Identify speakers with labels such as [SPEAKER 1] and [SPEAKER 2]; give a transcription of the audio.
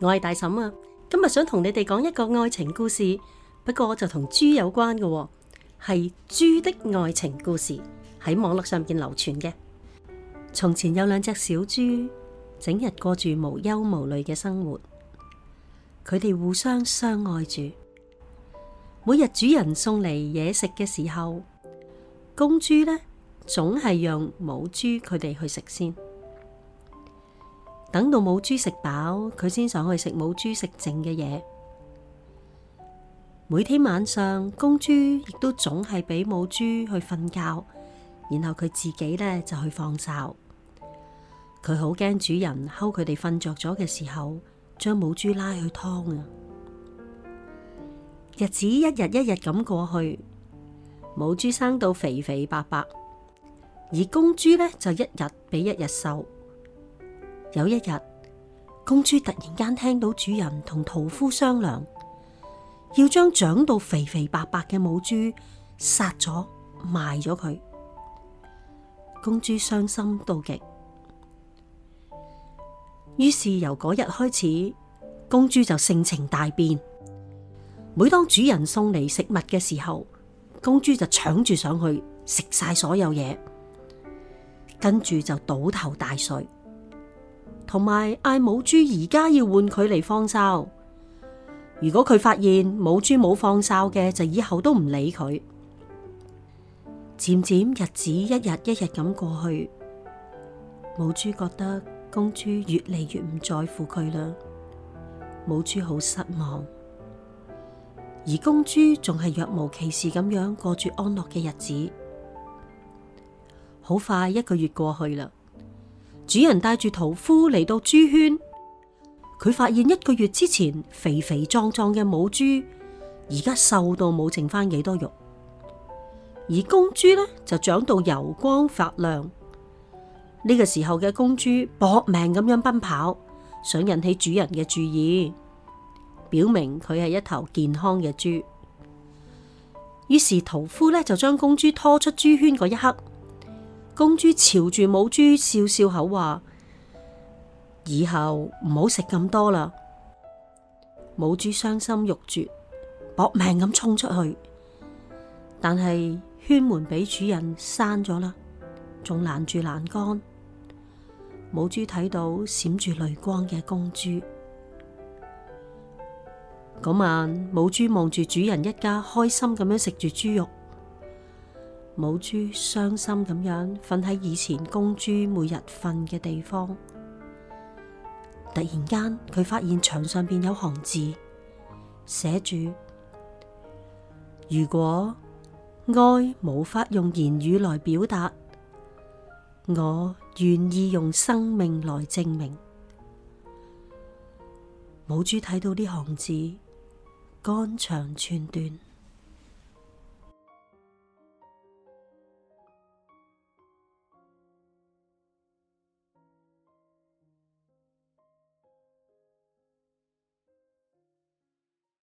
[SPEAKER 1] 我係大嬸啊，今日想同你哋講一個愛情故事，不過就同豬有關嘅，係豬的愛情故事喺網絡上面流傳嘅。從前有兩隻小豬，整日過住無憂無慮嘅生活，佢哋互相相愛住。每日主人送嚟嘢食嘅時候，公豬呢總係讓母豬佢哋去食先。等到母豬食飽，佢先上去食母豬食剩嘅嘢。每天晚上，公豬亦都總係俾母豬去瞓覺，然後佢自己咧就去放哨。佢好驚主人睺佢哋瞓着咗嘅時候，將母豬拉去劏啊！日子一日一日咁過去，母豬生到肥肥白白，而公豬咧就一日比一日瘦。有一日，公豬突然間聽到主人同屠夫商量，要將長到肥肥白白嘅母豬殺咗賣咗佢，公豬傷心到極，於是由嗰日開始，公豬就性情大變。每當主人送嚟食物嘅時候，公豬就搶住上去食晒所有嘢，跟住就倒頭大睡。同埋嗌母豬，而家要換佢嚟放哨。如果佢發現母豬冇放哨嘅，就以後都唔理佢。漸漸日子一日一日咁過去，母豬覺得公豬越嚟越唔在乎佢啦，母豬好失望。而公豬仲係若無其事咁樣過住安樂嘅日子。好快一個月過去啦。主人帶住屠夫嚟到豬圈，佢發現一個月之前肥肥壯壯嘅母豬，而家瘦到冇剩翻幾多肉，而公豬呢，就長到油光發亮。呢個時候嘅公豬搏命咁樣奔跑，想引起主人嘅注意，表明佢係一頭健康嘅豬。於是屠夫呢，就將公豬拖出豬圈嗰一刻。公豬朝住母豬笑笑口話：以後唔好食咁多啦。母豬傷心欲絕，搏命咁衝出去，但係圈門俾主人閂咗啦，仲攔住欄杆。母豬睇到閃住淚光嘅公豬。嗰晚母豬望住主人一家開心咁樣食住豬肉。母豬傷心咁樣瞓喺以前公豬每日瞓嘅地方，突然間佢發現牆上邊有行字，寫住：如果愛無法用言語來表達，我願意用生命來證明。母豬睇到呢行字，肝腸寸斷。